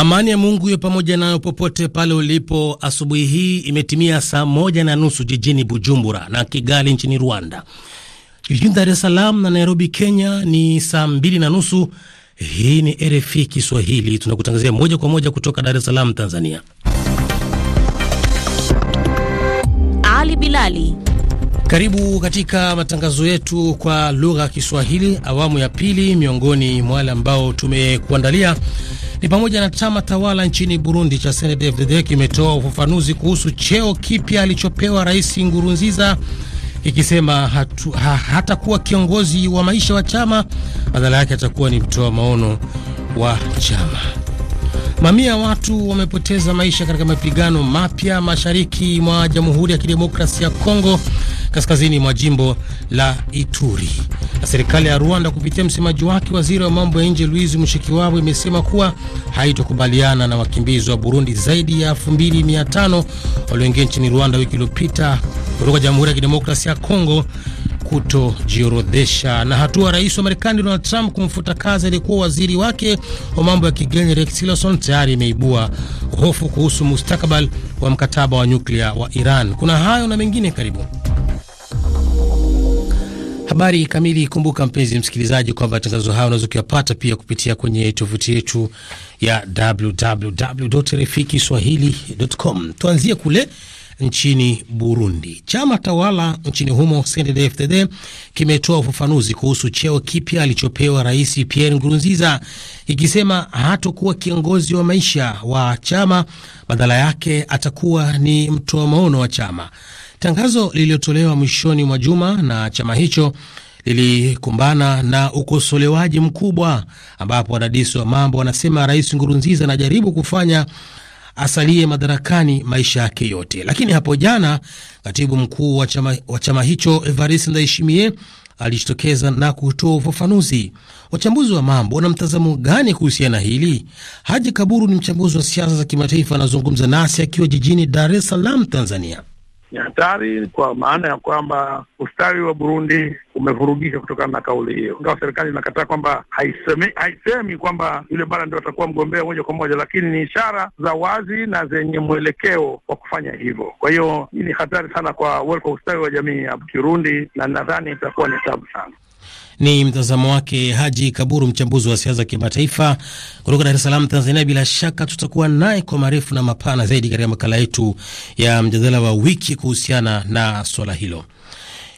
Amani ya Mungu hiyo pamoja nayo popote pale ulipo. Asubuhi hii imetimia saa moja na nusu jijini Bujumbura na Kigali nchini Rwanda. Jijini Dar es Salaam na Nairobi Kenya ni saa mbili na nusu. Hii ni RFI Kiswahili, tunakutangazia moja kwa moja kutoka Dar es Salaam, Tanzania. Ali Bilali, karibu katika matangazo yetu kwa lugha ya Kiswahili awamu ya pili, miongoni mwa wale ambao tumekuandalia ni pamoja na chama tawala nchini Burundi cha CNDD-FDD e kimetoa ufafanuzi kuhusu cheo kipya alichopewa Rais Ngurunziza ikisema ha, hatakuwa kiongozi wa maisha wa chama, badala yake atakuwa ni mtoa maono wa chama. Mamia watu wamepoteza maisha katika mapigano mapya mashariki mwa Jamhuri ya Kidemokrasia ya Kongo, kaskazini mwa jimbo la Ituri. Na serikali ya Rwanda kupitia msemaji wake, waziri wa mambo ya nje Louise Mushikiwabo, imesema kuwa haitokubaliana na wakimbizi wa Burundi zaidi ya 2500 walioingia nchini Rwanda wiki iliyopita kutoka Jamhuri ya Kidemokrasia ya Kongo kutojiorodhesha. Na hatua rais wa Marekani Donald Trump kumfuta kazi aliyekuwa waziri wake wa mambo ya kigeni Rex Tillerson tayari imeibua hofu kuhusu mustakabali wa mkataba wa nyuklia wa Iran. Kuna hayo na mengine, karibu Habari kamili. Kumbuka mpenzi msikilizaji, kwamba matangazo hayo unaweza kuyapata pia kupitia kwenye tovuti yetu ya www.rfi kiswahili.com. Tuanzie kule nchini Burundi. Chama tawala nchini humo CNDD-FDD kimetoa ufafanuzi kuhusu cheo kipya alichopewa Rais Pierre Nkurunziza, ikisema hatokuwa kiongozi wa maisha wa chama, badala yake atakuwa ni mtoa maono wa chama. Tangazo lililotolewa mwishoni mwa juma na chama hicho lilikumbana na ukosolewaji mkubwa, ambapo wadadisi wa mambo wanasema Rais Ngurunziza anajaribu kufanya asalie madarakani maisha yake yote. Lakini hapo jana katibu mkuu wa chama, wa chama hicho Evariste Ndayishimiye alijitokeza na kutoa ufafanuzi. Wachambuzi wa mambo wana mtazamo gani kuhusiana hili? Haji Kaburu ni mchambuzi wa siasa za kimataifa, anazungumza nasi akiwa jijini Dar es Salaam, Tanzania ni hatari kwa maana ya kwamba ustawi wa Burundi umevurugika kutokana na kauli hiyo, ingawa serikali inakataa kwamba haisemi, haisemi kwamba yule bara ndio atakuwa mgombea moja kwa moja, lakini ni ishara za wazi na zenye mwelekeo wa kufanya hivyo. Kwa hiyo hii ni hatari sana kwa, kwa ustawi wa jamii ya Kirundi na nadhani itakuwa ni tabu sana. Ni mtazamo wake Haji Kaburu, mchambuzi wa siasa kimataifa kutoka Dar es Salaam, Tanzania. Bila shaka tutakuwa naye kwa marefu na mapana zaidi katika makala yetu ya mjadala wa wiki kuhusiana na swala hilo.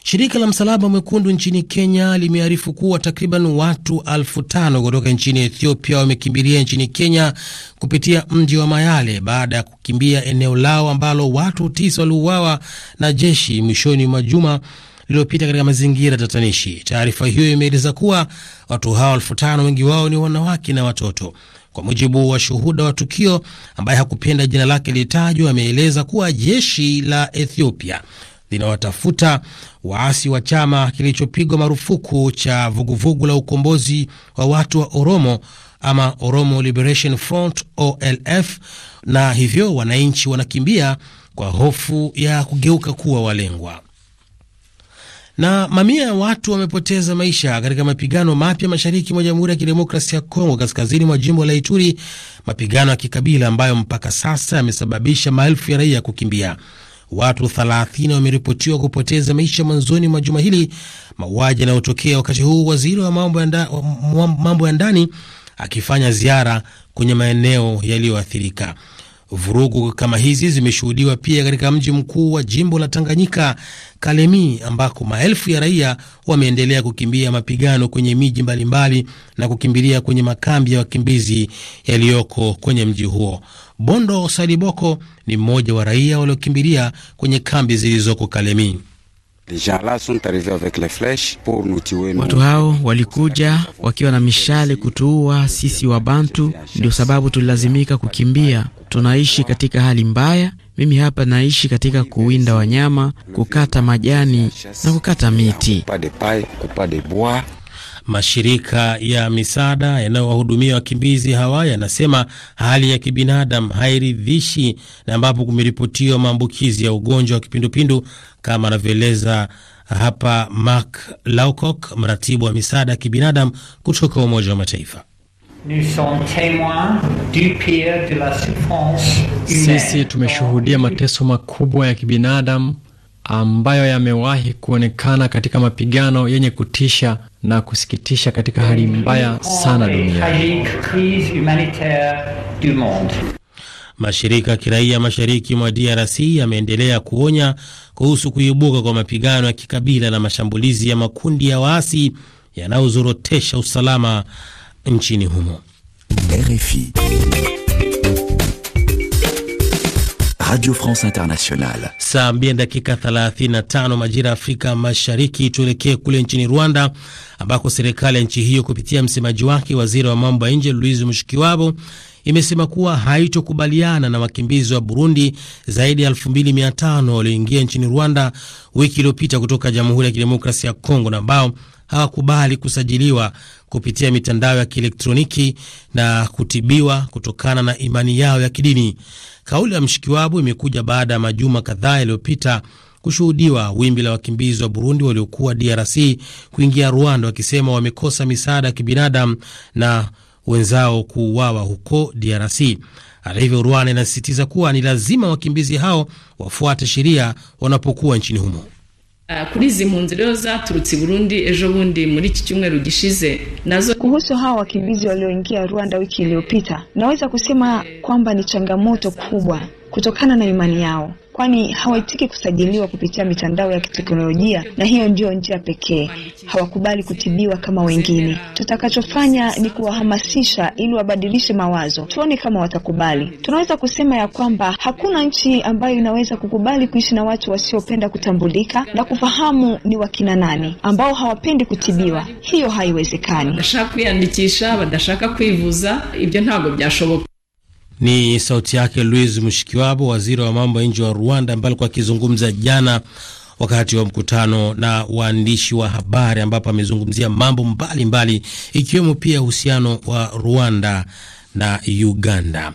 Shirika la Msalaba Mwekundu nchini Kenya limearifu kuwa takriban watu elfu tano kutoka nchini Ethiopia wamekimbilia nchini Kenya kupitia mji wa Mayale baada ya kukimbia eneo lao ambalo watu tisa waliuawa na jeshi mwishoni mwa juma lililopita katika mazingira tatanishi. Taarifa hiyo imeeleza kuwa watu hao elfu tano wengi wao ni wanawake na watoto. Kwa mujibu wa shuhuda wa tukio ambaye hakupenda jina lake lilitajwa, ameeleza kuwa jeshi la Ethiopia linawatafuta waasi wa chama kilichopigwa marufuku cha vuguvugu la ukombozi wa watu wa Oromo ama Oromo Liberation Front OLF, na hivyo wananchi wanakimbia kwa hofu ya kugeuka kuwa walengwa. Na mamia ya watu wamepoteza maisha katika mapigano mapya mashariki mwa Jamhuri ya Kidemokrasia ya Kongo, kaskazini mwa jimbo la Ituri, mapigano ya kikabila ambayo mpaka sasa yamesababisha maelfu ya raia kukimbia. Watu 30 wameripotiwa kupoteza maisha mwanzoni mwa juma hili, mauaji yanayotokea wakati huu waziri wa mambo ya ndani akifanya ziara kwenye maeneo yaliyoathirika. Vurugu kama hizi zimeshuhudiwa pia katika mji mkuu wa jimbo la Tanganyika, Kalemi, ambako maelfu ya raia wameendelea kukimbia mapigano kwenye miji mbalimbali na kukimbilia kwenye makambi ya wakimbizi yaliyoko kwenye mji huo. Bondo Saliboko ni mmoja wa raia waliokimbilia kwenye kambi zilizoko Kalemi. Watu hao walikuja wakiwa na mishale kutuua sisi wa bantu ndio sababu tulilazimika kukimbia tunaishi katika hali mbaya. Mimi hapa naishi katika kuwinda wanyama, kukata majani na kukata miti. Mashirika ya misaada yanayowahudumia wakimbizi hawa yanasema hali ya kibinadamu hairidhishi, na ambapo kumeripotiwa maambukizi ya ugonjwa wa kipindupindu kama anavyoeleza hapa Mark Lowcock, mratibu wa misaada ya kibinadamu kutoka Umoja wa Mataifa. Sisi tumeshuhudia mateso makubwa ya kibinadamu ambayo yamewahi kuonekana katika mapigano yenye kutisha na kusikitisha katika hali mbaya sana duniani. Mashirika ya kiraia mashariki mwa DRC yameendelea kuonya kuhusu kuibuka kwa mapigano ya kikabila na mashambulizi ya makundi ya waasi yanayozorotesha usalama nchini humo. RFI Radio France Internationale. Saa 2 dakika 35 majira ya Afrika Mashariki. Tuelekee kule nchini Rwanda ambako serikali ya nchi hiyo kupitia msemaji wake, waziri wa mambo ya nje Louise Mushikiwabo, imesema kuwa haitokubaliana na wakimbizi wa Burundi zaidi ya 2500 walioingia nchini Rwanda wiki iliyopita kutoka Jamhuri ya Kidemokrasia ya Kongo na ambao hawakubali kusajiliwa kupitia mitandao ya kielektroniki na kutibiwa kutokana na imani yao ya kidini. Kauli ya Mshikiwabo imekuja baada ya majuma kadhaa yaliyopita kushuhudiwa wimbi la wakimbizi wa Burundi waliokuwa DRC kuingia Rwanda wakisema wamekosa misaada ya kibinadamu na wenzao kuuawa huko DRC. Hata hivyo, Rwanda inasisitiza kuwa ni lazima wakimbizi hao wafuate sheria wanapokuwa nchini humo. Eh, kuri izi mpunzi leo zaturutse Burundi ejo bundi muri iki cyumweru gishize nazo. Kuhusu hawa wakimbizi walioingia Rwanda wiki iliyopita, naweza kusema eh. kwamba ni changamoto kubwa kutokana na imani yao kwani hawaitiki kusajiliwa kupitia mitandao ya kiteknolojia, na hiyo ndiyo njia pekee. Hawakubali kutibiwa kama wengine. Tutakachofanya ni kuwahamasisha ili wabadilishe mawazo, tuone kama watakubali. Tunaweza kusema ya kwamba hakuna nchi ambayo inaweza kukubali kuishi na watu wasiopenda kutambulika na kufahamu ni wakina nani, ambao hawapendi kutibiwa. Hiyo haiwezekani. badashaka kwiyandikisha badashaka kwivuza ibyo ntago byashoboka ni sauti yake Louis Mushikiwabo, waziri wa mambo ya nje wa Rwanda, ambaye alikuwa akizungumza jana wakati wa mkutano na waandishi wa habari, ambapo amezungumzia mambo mbalimbali ikiwemo pia uhusiano wa Rwanda na Uganda.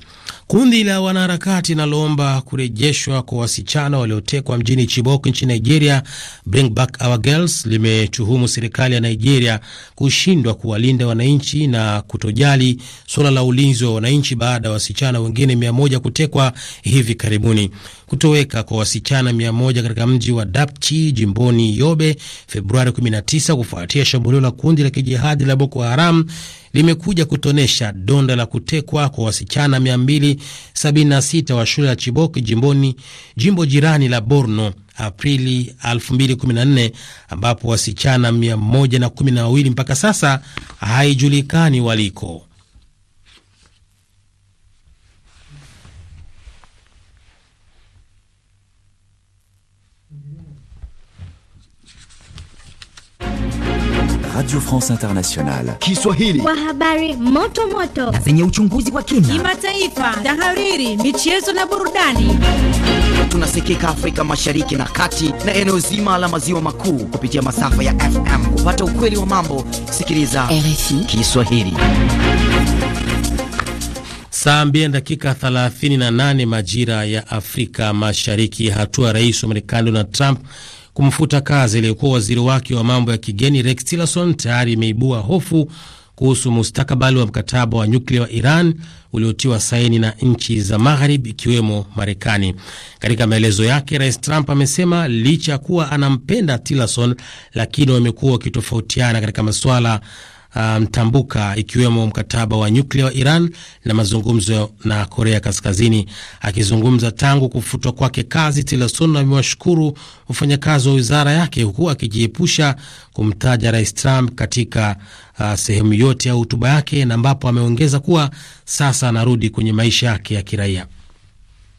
Kundi la wanaharakati linaloomba kurejeshwa kwa wasichana waliotekwa mjini Chibok nchini Nigeria, Bring Back Our Girls, limetuhumu serikali ya Nigeria kushindwa kuwalinda wananchi na kutojali suala la ulinzi wa wananchi baada ya wasichana wengine mia moja kutekwa hivi karibuni. Kutoweka kwa wasichana mia moja katika mji wa Dapchi jimboni Yobe Februari 19 kufuatia shambulio la kundi la kijihadi la Boko Haram limekuja kutonesha donda la kutekwa kwa wasichana 276 wa shule ya Chibok jimboni jimbo jirani la Borno Aprili 2014 ambapo wasichana 112 mpaka sasa haijulikani waliko. Radio France Internationale. Kiswahili. Kwa habari moto moto na zenye uchunguzi wa kina, kimataifa, tahariri, michezo na burudani. Tunasikika Afrika Mashariki na Kati na eneo zima la maziwa makuu kupitia masafa ya FM. Kupata ukweli wa mambo, sikiliza RFI Kiswahili. Saa mbili dakika 38 majira ya Afrika Mashariki. Hatua rais wa Marekani Donald Trump kumfuta kazi aliyekuwa waziri wake wa mambo ya kigeni Rex Tillerson tayari imeibua hofu kuhusu mustakabali wa mkataba wa nyuklia wa Iran uliotiwa saini na nchi za Magharibi ikiwemo Marekani. Katika maelezo yake, Rais Trump amesema licha ya kuwa anampenda Tillerson, lakini wamekuwa wakitofautiana katika masuala mtambuka um, ikiwemo mkataba wa nyuklia wa Iran na mazungumzo na Korea Kaskazini. Akizungumza tangu kufutwa kwake kazi, Tillerson amewashukuru wafanyakazi wa wizara yake huku akijiepusha kumtaja Rais Trump katika uh, sehemu yote ya hotuba yake, na ambapo ameongeza kuwa sasa anarudi kwenye maisha yake ya kiraia.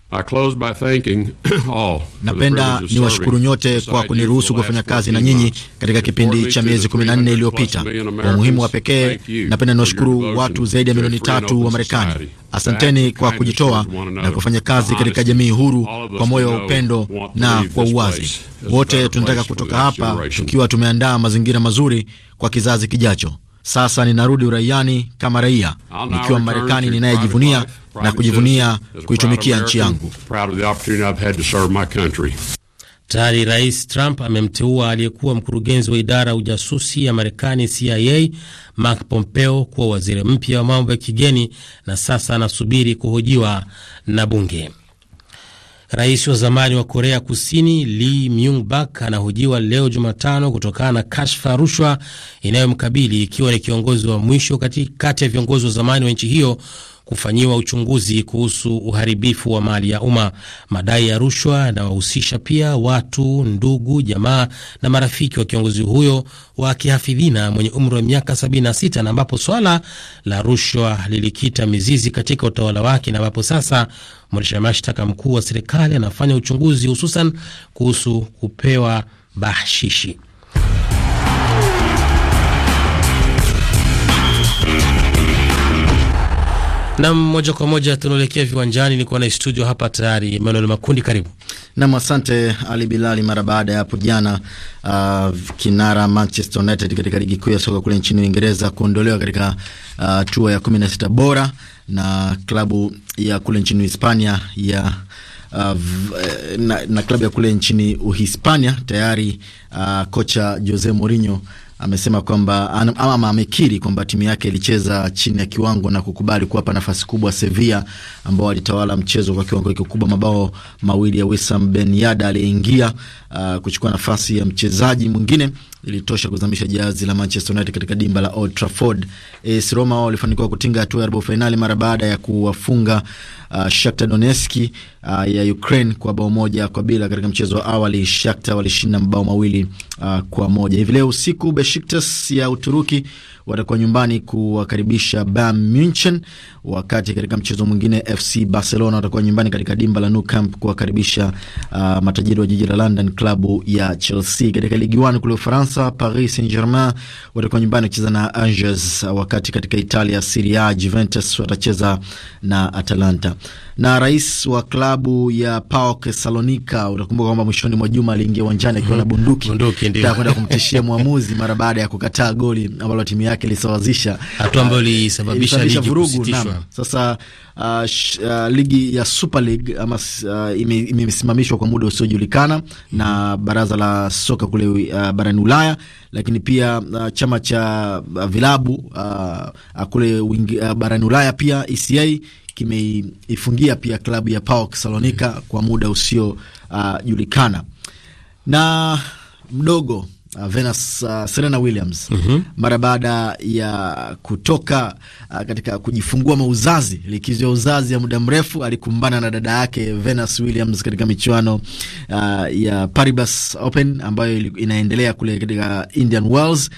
Napenda niwashukuru nyote kwa kuniruhusu kufanya kazi na nyinyi katika kipindi cha miezi 14 iliyopita. Kwa umuhimu wa pekee, napenda niwashukuru watu zaidi ya milioni tatu wa Marekani. Asanteni kwa kujitoa na kufanya kazi katika jamii huru kwa moyo wa upendo na kwa uwazi. Wote tunataka kutoka hapa tukiwa tumeandaa mazingira mazuri kwa kizazi kijacho. Sasa ninarudi uraiani kama raia nikiwa Marekani ninayejivunia na kujivunia kuitumikia nchi yangu. Tayari Rais Trump amemteua aliyekuwa mkurugenzi wa idara ya ujasusi ya Marekani CIA Mark Pompeo kuwa waziri mpya wa mambo ya kigeni na sasa anasubiri kuhojiwa na bunge. Rais wa zamani wa Korea Kusini Lee Myung Bak anahojiwa leo Jumatano kutokana na kashfa rushwa inayomkabili ikiwa ni kiongozi wa mwisho kati ya viongozi wa zamani wa nchi hiyo kufanyiwa uchunguzi kuhusu uharibifu wa mali ya umma. Madai ya rushwa yanawahusisha pia watu, ndugu, jamaa na marafiki wa kiongozi huyo wa kihafidhina mwenye umri wa miaka 76 na ambapo swala la rushwa lilikita mizizi katika utawala wake na ambapo sasa mwendesha mashtaka mkuu wa serikali anafanya uchunguzi hususan kuhusu kupewa bahshishi. Nam, moja kwa moja tunaelekea viwanjani. Niko na studio hapa tayari Emmanuel Makundi, karibu nam. Asante Ali Bilali. Mara baada ya hapo jana, uh, kinara Manchester United katika ligi kuu ya soka kule nchini Uingereza kuondolewa katika uh, hatua ya kumi na sita bora na klabu ya kule nchini Hispania ya Uh, eh, na, na klabu ya kule nchini Uhispania tayari uh, kocha Jose Mourinho amesema kwamba ama amekiri kwamba timu yake ilicheza chini ya kiwango na kukubali kuwapa nafasi kubwa Sevilla ambao walitawala mchezo kwa kiwango kikubwa. Mabao mawili ya Wissam Ben Yedder aliyeingia uh, kuchukua nafasi ya mchezaji mwingine ilitosha kuzamisha jazi la Manchester United katika dimba la Old Trafford. AS Roma wao walifanikiwa kutinga hatua ya robo fainali mara baada ya kuwafunga uh, Shakhtar Donetsk uh, ya Ukraine kwa bao moja kwa bila. Katika mchezo wa awali Shakhtar walishinda mabao mawili uh, kwa moja. Hivi leo usiku Besiktas ya Uturuki watakuwa nyumbani kuwakaribisha Bayern Munchen, wakati katika mchezo mwingine FC Barcelona watakuwa nyumbani katika dimba la Nou Camp kuwakaribisha uh, matajiri wa jiji la London, klabu ya Chelsea. Katika ligi 1 kule Ufaransa, Paris Saint-Germain watakuwa nyumbani kucheza na Angers, wakati katika Italia Serie A Juventus watacheza na Atalanta na rais wa klabu ya PAOK Salonika. utakumbuka kwamba mwishoni mwa juma aliingia uwanjani akiwa na mhm. bunduki kwenda kumtishia mwamuzi mara baada ya kukataa goli ambalo timu yake ilisawazisha, hatua ambayo ah, ilisababisha ligi kusitishwa. Sasa uh, sh, uh, ligi ya Super League ama uh, imesimamishwa kwa muda usiojulikana mm -hmm. na baraza la soka kule uh, barani Ulaya, lakini pia uh, chama cha uh, vilabu uh, kule uh, barani Ulaya pia ECA kimeifungia pia klabu ya PAOK Salonika kwa muda usiojulikana. Uh, na mdogo uh, Venus, uh, Serena Williams mm -hmm. mara baada ya kutoka uh, katika kujifungua mauzazi, likizo ya uzazi ya muda mrefu, alikumbana na dada yake Venus Williams katika michuano uh, ya Paribas Open ambayo inaendelea kule katika Indian Wells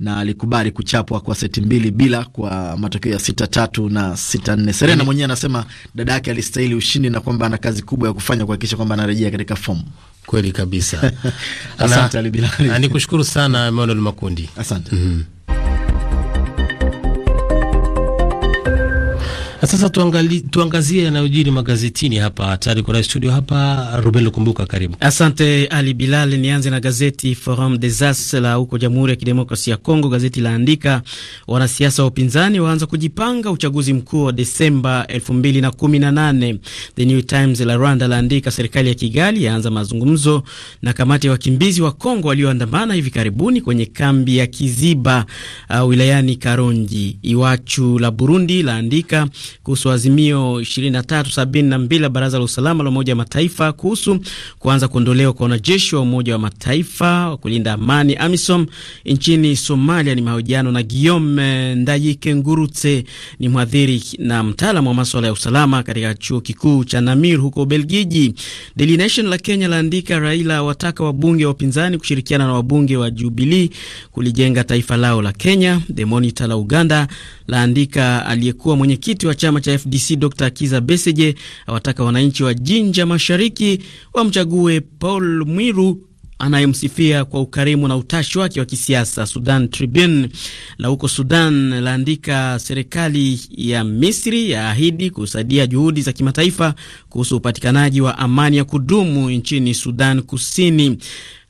na alikubali kuchapwa kwa seti mbili bila kwa matokeo ya sita tatu na sita nne. Serena yaani- mwenyewe anasema dada yake alistahili ushindi na kwamba ana kazi kubwa ya kufanya kuhakikisha kwamba anarejea katika fomu. Kweli kabisa. Asante Ali Bilali, nikushukuru sana Emanuel Makundi, asante. mm -hmm. Sasa tuangali, tuangazie yanayojiri magazetini hapa tayari kwa studio hapa Ruben Lukumbuka, karibu. Asante Ali Bilal, nianze na gazeti Forum des As la huko Jamhuri ya Kidemokrasia ya Kongo. Gazeti laandika wanasiasa wa upinzani waanza kujipanga uchaguzi mkuu wa Desemba 2018. The New Times la Rwanda laandika serikali ya Kigali yaanza mazungumzo na kamati ya wakimbizi wa Kongo walioandamana hivi karibuni kwenye kambi ya Kiziba uh, wilayani Karonji. Iwachu la Burundi laandika kuhusu azimio 2372 la Baraza la Usalama la Umoja wa Mataifa kuhusu kuanza kuondolewa kwa wanajeshi wa Umoja wa Mataifa wa kulinda amani AMISOM nchini Somalia. Ni mahojiano na Guillaume Ndayike Ngurutse, ni mhadhiri na mtaalam wa maswala ya usalama katika chuo kikuu cha Namir huko Ubelgiji. Daily Nation la Kenya laandika Raila wataka wabunge wa upinzani kushirikiana na wabunge wa Jubilii kulijenga taifa lao la Kenya. The Monitor la Uganda laandika aliyekuwa mwenyekiti wa chama cha FDC Dr Kiza Besigye awataka wananchi wa Jinja Mashariki wamchague Paul Mwiru anayemsifia kwa ukarimu na utashi wake wa kisiasa. Sudan Tribune la huko Sudan laandika serikali ya Misri yaahidi kusaidia juhudi za kimataifa kuhusu upatikanaji wa amani ya kudumu nchini Sudan Kusini.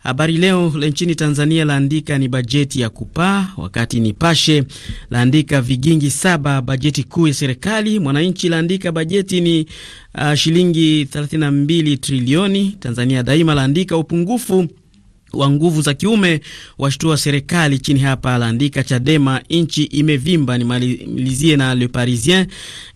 Habari Leo la nchini Tanzania laandika ni bajeti ya kupaa, wakati Nipashe laandika vigingi saba bajeti kuu ya serikali. Mwananchi laandika bajeti ni uh, shilingi 32 trilioni. Tanzania Daima laandika upungufu wa nguvu za kiume washtua serikali. Chini hapa laandika Chadema nchi imevimba. Nimalizie na Le Parisien,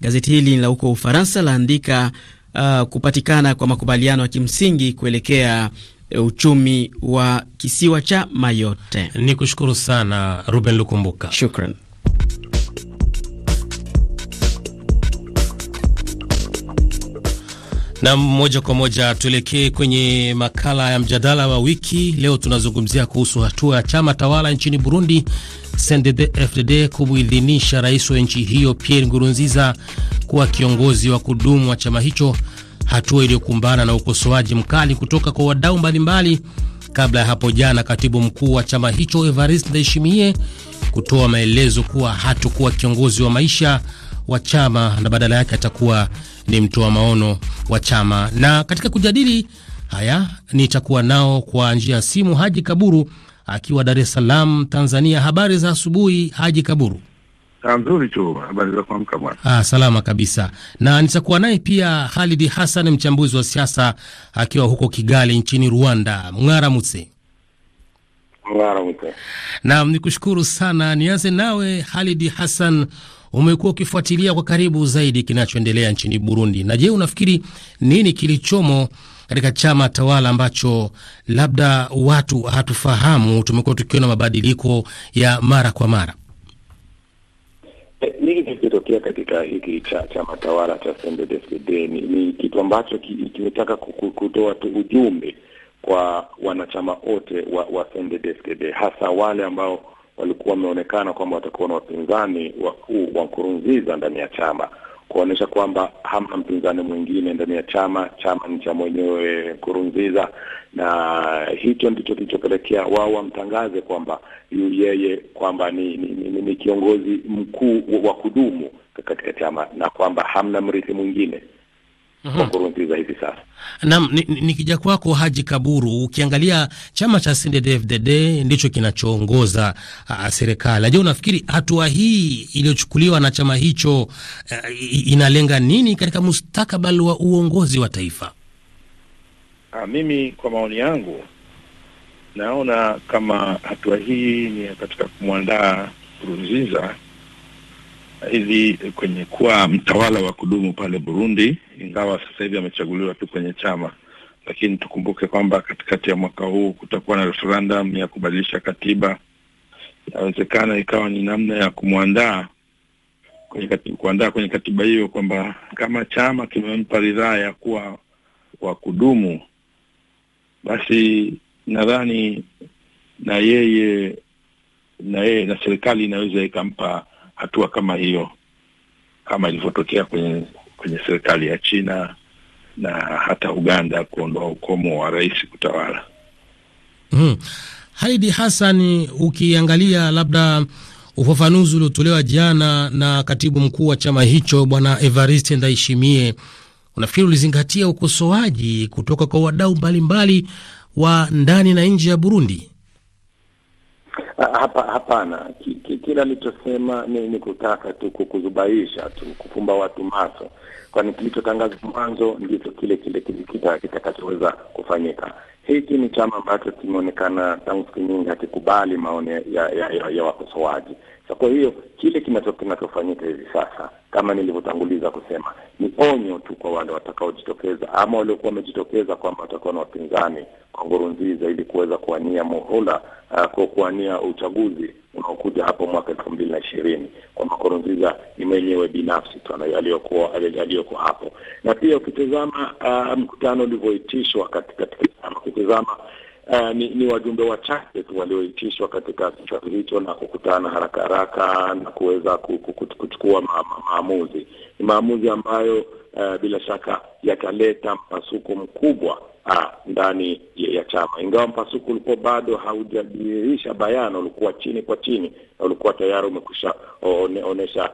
gazeti hili la huko Ufaransa laandika uh, kupatikana kwa makubaliano ya kimsingi kuelekea E, uchumi wa kisiwa cha Mayotte. Ni kushukuru sana Ruben Lukumbuka, shukran. Na moja kwa moja tuelekee kwenye makala ya mjadala wa wiki. Leo tunazungumzia kuhusu hatua ya chama tawala nchini Burundi CNDD-FDD kumuidhinisha rais wa nchi hiyo Pierre Nkurunziza kuwa kiongozi wa kudumu wa chama hicho hatua iliyokumbana na ukosoaji mkali kutoka kwa wadau mbalimbali. Kabla ya hapo jana, katibu mkuu wa chama hicho Evariste Ndayishimiye kutoa maelezo kuwa hatakuwa kiongozi wa maisha wa chama na badala yake atakuwa ni mtoa maono wa chama. Na katika kujadili haya nitakuwa nao kwa njia ya simu Haji Kaburu akiwa Dar es Salaam, Tanzania. Habari za asubuhi, Haji Kaburu. Nzuri tu, habari za kuamka bwana. Ah, salama kabisa, na nitakuwa naye pia Halidi Hassan, mchambuzi wa siasa akiwa huko Kigali nchini Rwanda. Mng'ara Mutse. Mng'ara Mutse. nikushukuru sana. Nianze nawe Halidi Hassan, umekuwa ukifuatilia kwa karibu zaidi kinachoendelea nchini Burundi, na je, unafikiri nini kilichomo katika chama tawala ambacho labda watu hatufahamu? Tumekuwa tukiona mabadiliko ya mara kwa mara Eh, nini kilichotokea katika hiki cha chama tawala cha CNDD-FDD ni, ni kitu ambacho kimetaka kutoa tu ujumbe kwa wanachama wote wa, wa CNDD-FDD hasa wale ambao walikuwa wameonekana kwamba watakuwa na wapinzani wakuu wa Nkurunziza ndani ya chama kuonyesha kwamba hamna mpinzani mwingine ndani ya chama, chama ni cha mwenyewe Kurunziza, na hicho ndicho kilichopelekea wao wamtangaze kwamba yeye kwamba ni, ni, ni, ni kiongozi mkuu wa kudumu katika chama na kwamba hamna mrithi mwingine. Mhm. kwa Nkurunziza hivi sasa. Naam, nikija ni kwako Haji Kaburu, ukiangalia chama cha CNDD-FDD ndicho kinachoongoza serikali. Je, unafikiri hatua hii iliyochukuliwa na chama hicho a, inalenga nini katika mustakabali wa uongozi wa taifa? A, mimi kwa maoni yangu naona kama hatua hii ni katika kumwandaa Nkurunziza hivi kwenye kuwa mtawala wa kudumu pale Burundi, ingawa sasa hivi amechaguliwa tu kwenye chama. Lakini tukumbuke kwamba katikati ya mwaka huu kutakuwa na referendum ya kubadilisha katiba. Inawezekana ikawa ni namna ya kumwandaa kwenye katiba, kuandaa kwenye katiba hiyo kwamba kama chama kimempa ridhaa ya kuwa wa kudumu, basi nadhani na yeye na yeye na serikali inaweza ikampa hatua kama hiyo kama ilivyotokea kwenye kwenye serikali ya China na hata Uganda kuondoa ukomo wa rais kutawala. Mm. Haidi Hassan, ukiangalia labda ufafanuzi uliotolewa jana na katibu mkuu wa chama hicho Bwana evarist ndaishimie unafikiri ulizingatia ukosoaji kutoka kwa wadau mbalimbali wa ndani na nje ya Burundi? Ah, hapa hapana, kila alichosema ni, ni kutaka tu kuzubaisha tu kufumba watu macho, kwani kilichotangazwa mwanzo ndicho kile kile kitakachoweza kufanyika hiki ni chama ambacho kimeonekana tangu siku nyingi hakikubali maoni ya, ya, ya, ya wakosoaji. So kwa hiyo kile kinachofanyika hivi sasa, kama nilivyotanguliza kusema, ni onyo tu kwa wale watakaojitokeza ama waliokuwa wamejitokeza kwamba watakuwa na wapinzani kwa Nkurunziza ili kuweza kuwania muhula uh, kuwania uchaguzi unaokuja hapo mwaka elfu mbili na ishirini kwamba Nkurunziza ni mwenyewe binafsi tu aliyoko hapo, na pia ukitazama uh, mkutano ulivyoitishwa katika kutizama Uh, ni, ni wajumbe wachache tu walioitishwa katika kikao hicho na kukutana haraka haraka na kuweza kuchukua ma, ma, maamuzi. Ni maamuzi ambayo uh, bila shaka yataleta mpasuko mkubwa ah, ndani ya chama, ingawa mpasuko ulikuwa bado haujadhihirisha bayana, ulikuwa chini kwa chini na ulikuwa tayari umekusha onesha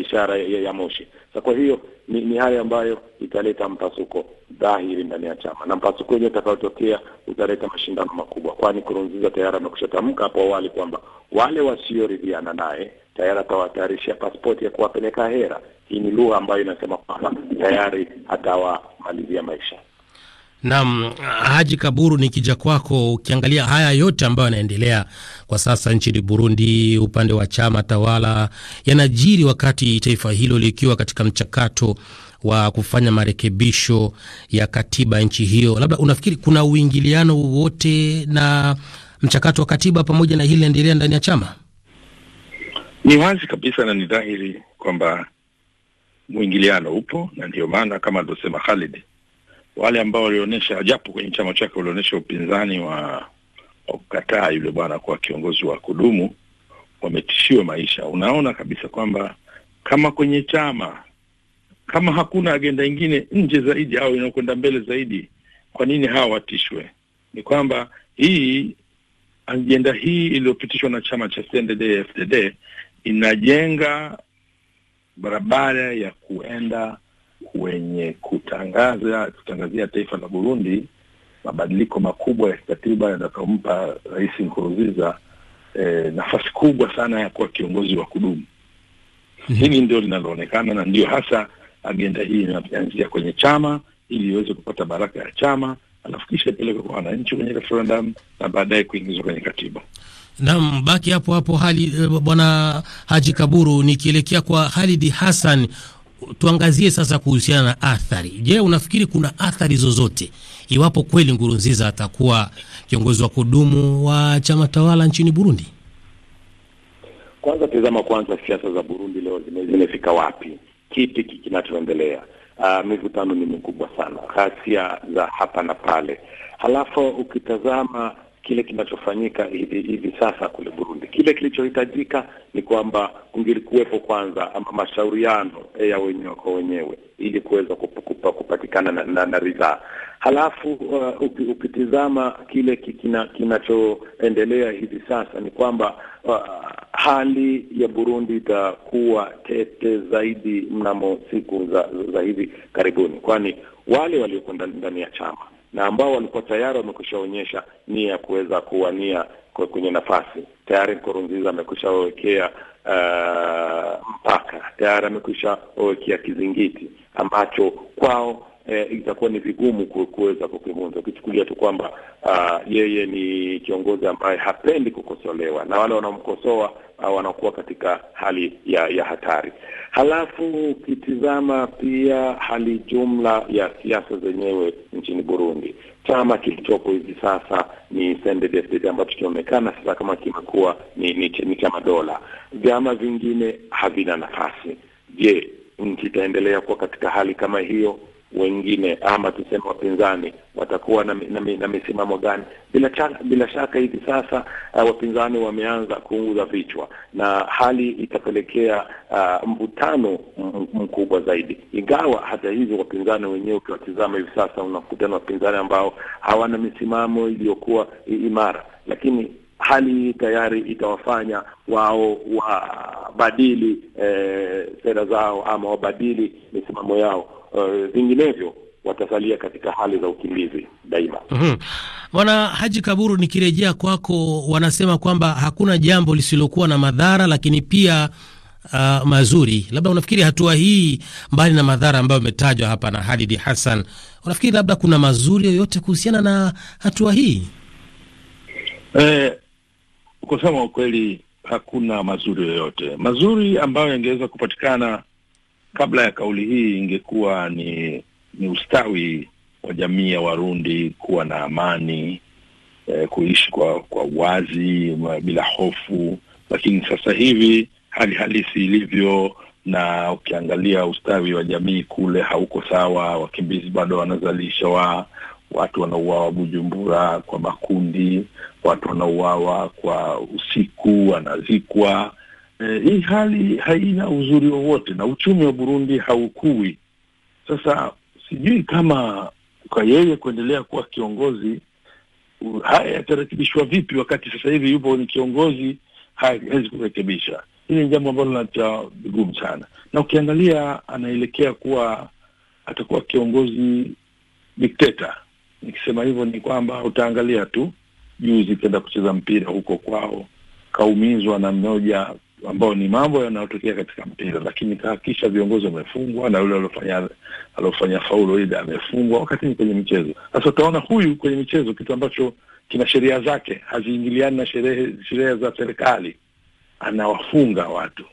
ishara ya moshi. Sa kwa hiyo ni, ni hali ambayo italeta mpasuko dhahiri ndani ya chama, na mpasuko wenyewe utakaotokea utaleta mashindano makubwa, kwani Kurunziza tayari amekusha tamka hapo awali kwamba wale wasioridhiana naye tayari atawatayarishia pasipoti ya kuwapeleka hera hii ni lugha ambayo inasema kwamba tayari atawamalizia maisha. Naam, Haji Kaburu, nikija kwako, ukiangalia haya yote ambayo yanaendelea kwa sasa nchini Burundi upande wa chama tawala, yanajiri wakati taifa hilo likiwa katika mchakato wa kufanya marekebisho ya katiba nchi hiyo. Labda unafikiri kuna uingiliano wowote na mchakato wa katiba pamoja na hili linaendelea ndani ya chama? Ni wazi kabisa na ni dhahiri kwamba mwingiliano upo, na ndio maana kama alivyosema Khalid, wale ambao walionyesha japo kwenye chama chake walionyesha upinzani wa, wa kukataa yule bwana kwa kiongozi wa kudumu wametishiwa maisha. Unaona kabisa kwamba kama kwenye chama kama hakuna agenda ingine nje zaidi au inayokwenda mbele zaidi, kwa nini hawa watishwe? Ni kwamba hii ajenda hii iliyopitishwa na chama cha CNDD-FDD inajenga barabara ya kuenda kwenye kutangaza kutangazia taifa la Burundi mabadiliko makubwa ya kikatiba yatakayompa Rais nkuruziza eh, nafasi kubwa sana ya kuwa kiongozi wa kudumu. Mm -hmm. Hili ndio linaloonekana na ndio hasa agenda hii inaanzia kwenye chama ili iweze kupata baraka ya chama, alafu kisha ipelekwe kwa wananchi kwenye referendum na baadaye kuingizwa kwenye katiba. Naam, baki hapo hapo hali eh, bwana Haji Kaburu, nikielekea kwa Halidi Hassan, tuangazie sasa kuhusiana na athari. Je, unafikiri kuna athari zozote iwapo kweli ngurunziza atakuwa kiongozi wa kudumu wa chama tawala nchini Burundi? Kwanza tazama kwanza siasa za Burundi leo zimefika wapi? Kipi kinachoendelea? Uh, mivutano ni mikubwa sana, ghasia za hapa na pale, halafu ukitazama kile kinachofanyika hivi hivi sasa kule Burundi. Kile kilichohitajika ni kwamba kungelikuwepo kwanza ama mashauriano eh, ya wenyewe kwa wenyewe ili kuweza kupa, kupatikana na, na, na ridhaa. Halafu uh, ukitizama kile kinachoendelea kinachoendelea hivi sasa ni kwamba uh, hali ya Burundi itakuwa tete zaidi mnamo siku za, za hivi karibuni, kwani wale walioko ndani ya chama na ambao walikuwa tayari wamekushaonyesha nia ya kuweza kuwania kwenye nafasi tayari. Nkurunziza amekwisha wawekea uh, mpaka tayari amekwisha wawekea kizingiti ambacho kwao eh, itakuwa ni vigumu kuweza kukivunza ukichukulia tu kwamba uh, yeye ni kiongozi ambaye hapendi kukosolewa na wale wanaomkosoa uh, wanakuwa katika hali ya, ya hatari. Halafu ukitizama pia hali jumla ya siasa zenyewe nchini Burundi, chama kilichopo hivi sasa ni CNDD-FDD ambacho kinaonekana sasa kama kimekuwa ni, ni, ni chama dola. Vyama vingine havina nafasi. Je, nchi itaendelea kuwa katika hali kama hiyo? wengine ama tuseme wapinzani watakuwa na, na, na, na misimamo gani? Bila, cha, bila shaka hivi sasa uh, wapinzani wameanza kuunguza vichwa na hali itapelekea uh, mvutano mkubwa zaidi. Ingawa hata hivyo wapinzani wenyewe ukiwatizama hivi sasa unakutana wapinzani ambao hawana misimamo iliyokuwa imara, lakini hali hii tayari itawafanya wao wabadili eh, sera zao ama wabadili misimamo yao uh, vinginevyo watasalia katika hali za ukimbizi daima. mm -hmm. Haji Kaburu, nikirejea kwako, wanasema kwamba hakuna jambo lisilokuwa na madhara lakini pia uh, mazuri. Labda unafikiri hatua hii, mbali na madhara ambayo ametajwa hapa na Hadidi Hassan, unafikiri labda kuna mazuri yoyote kuhusiana na hatua hii? Eh, kusema ukweli, hakuna mazuri yoyote. Mazuri ambayo yangeweza kupatikana kabla ya kauli hii ingekuwa ni ni ustawi wa jamii ya Warundi kuwa na amani eh, kuishi kwa kwa uwazi bila hofu, lakini sasa hivi hali halisi ilivyo, na ukiangalia ustawi wa jamii kule hauko sawa. Wakimbizi bado wanazalishwa, watu wanauawa Bujumbura kwa makundi, watu wanauawa kwa usiku, wanazikwa E, hii hali haina uzuri wowote na uchumi wa Burundi haukui. Sasa sijui kama kwa yeye kuendelea kuwa kiongozi haya yatarekebishwa vipi, wakati sasa hivi yupo ni kiongozi, hawezi kurekebisha. Hili ni jambo ambalo linatia vigumu sana, na ukiangalia anaelekea kuwa atakuwa kiongozi dikteta. Nikisema hivyo ni kwamba utaangalia tu, juzi kenda kucheza mpira huko kwao, kaumizwa na mmoja ambao ni mambo yanayotokea katika mpira, lakini kahakisha viongozi wamefungwa na yule aliofanya aliofanya faulo ile amefungwa, wakati ni kwenye michezo. Sasa utaona huyu kwenye michezo, kitu ambacho kina sheria zake haziingiliani na sheria za serikali, anawafunga watu.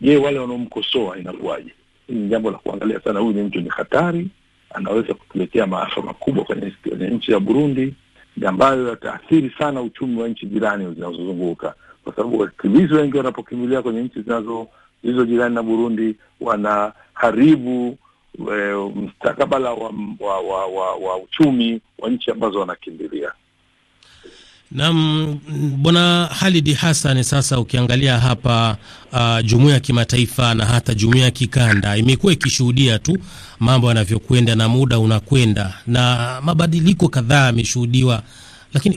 Je, wale wanaomkosoa inakuwaje? Hili ni jambo la kuangalia sana. Huyu ni mtu, ni hatari, anaweza kutuletea maafa makubwa kwenye, kwenye nchi ya Burundi ambayo yataathiri sana uchumi wa nchi jirani zinazozunguka kwa sababu wakimbizi wengi wanapokimbilia kwenye nchi zinazo zilizo jirani na Burundi wanaharibu e, eh, mstakabala wa, wa, wa, wa, wa uchumi wa nchi ambazo wanakimbilia. Naam, Bwana Halidi Hassan, sasa ukiangalia hapa uh, jumuiya ya kimataifa na hata jumuiya ya kikanda imekuwa ikishuhudia tu mambo yanavyokwenda na muda unakwenda na mabadiliko kadhaa yameshuhudiwa lakini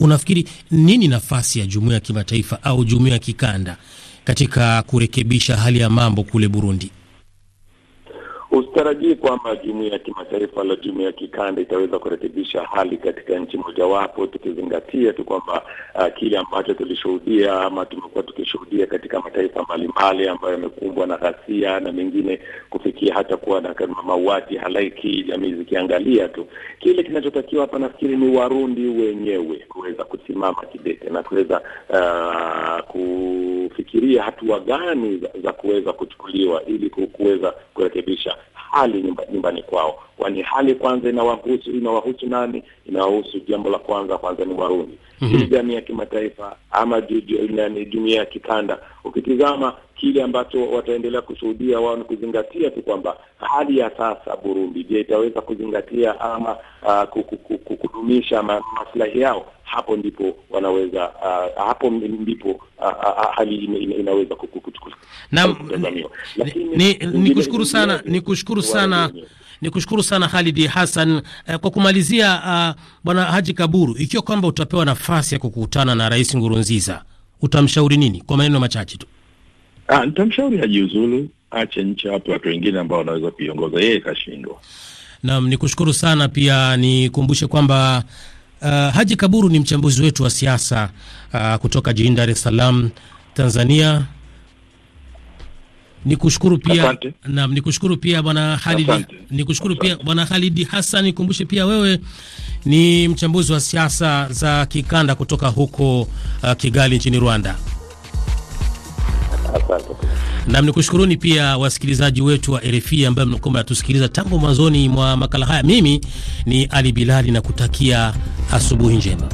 unafikiri nini nafasi ya jumuiya ya kimataifa au jumuiya ya kikanda katika kurekebisha hali ya mambo kule Burundi? Usitarajii kwamba jumuia ya kimataifa la jumuia ya kikanda itaweza kurekebisha hali katika nchi mojawapo, tukizingatia tu kwamba uh, kile ambacho tulishuhudia ama tumekuwa tukishuhudia katika mataifa mbalimbali ambayo yamekumbwa na ghasia na mengine kufikia hata kuwa na mauaji halaiki, jamii zikiangalia tu. Kile kinachotakiwa hapa, nafikiri ni Warundi wenyewe kuweza kusimama kidete na kuweza uh, kufikiria hatua gani za, za kuweza kuchukuliwa ili kuweza kurekebisha hali nyumba, nyumbani kwao, kwani hali kwanza inawahusu inawahusu nani? Inawahusu jambo la kwanza kwanza ni Warundi. mm -hmm. jamii ya kimataifa ama jumuia ya kikanda, ukitizama kile ambacho wataendelea kushuhudia wao ni kuzingatia tu kwamba hali ya sasa Burundi, je, itaweza kuzingatia ama uh, kudumisha maslahi yao? hapo ndipo wanaweza uh, hapo ndipo uh, uh, hali ina, ina, inaweza Nikushukuru sana, nikushukuru sana ni kushukuru sana Halidi Hassan. Eh, kwa kumalizia, uh, bwana Haji Kaburu, ikiwa kwamba utapewa nafasi ya kukutana na Rais Ngurunziza utamshauri nini kwa maneno machache tu? Ah, nitamshauri ajiuzulu, ache nchi hapo watu wengine ambao wanaweza kuiongoza, yeye kashindwa. Naam, ni kushukuru sana pia nikumbushe kwamba Uh, Haji Kaburu ni mchambuzi wetu wa siasa uh, kutoka jijini Dar es Salaam, Tanzania. Nikushukuru pia naam, nikushukuru pia bwana Halidi, nikushukuru pia bwana Halidi Hassan. Nikumbushe pia wewe ni mchambuzi wa siasa za kikanda kutoka huko uh, Kigali nchini Rwanda. Asante. Nam ni kushukuruni pia wasikilizaji wetu wa RFI ambayo mnakuwa mnatusikiliza tangu mwanzoni mwa makala haya. Mimi ni Ali Bilali na kutakia asubuhi njema.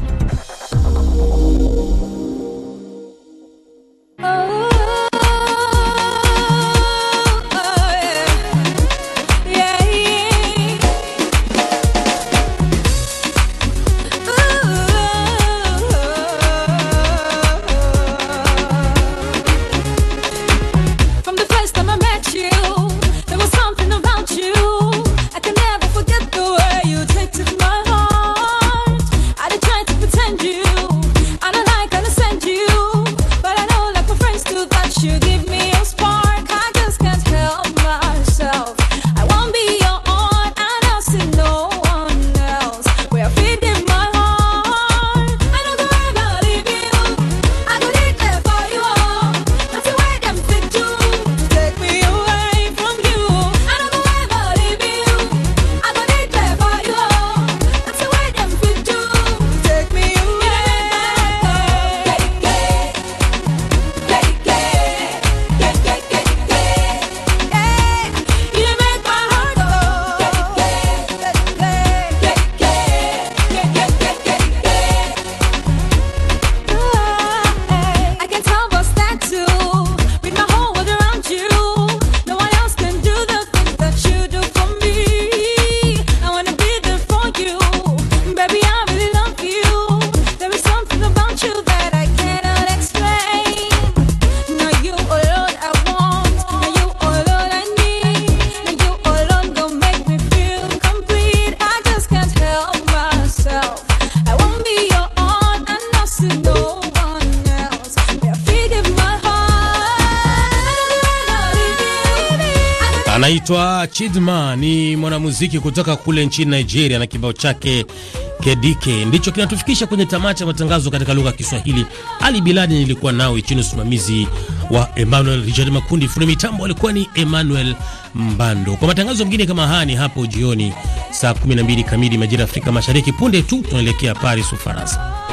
anaitwa Chidma, ni mwanamuziki kutoka kule nchini Nigeria, na kibao chake Kedike ndicho kinatufikisha kwenye tamati ya matangazo katika lugha ya Kiswahili. Ali Biladi nilikuwa nawe chini usimamizi wa Emmanuel Richard Makundi, fundi mitambo alikuwa ni Emmanuel Mbando. Kwa matangazo mengine kama haya ni hapo jioni saa 12 kamili majira ya Afrika Mashariki. Punde tu tunaelekea Paris, Ufaransa.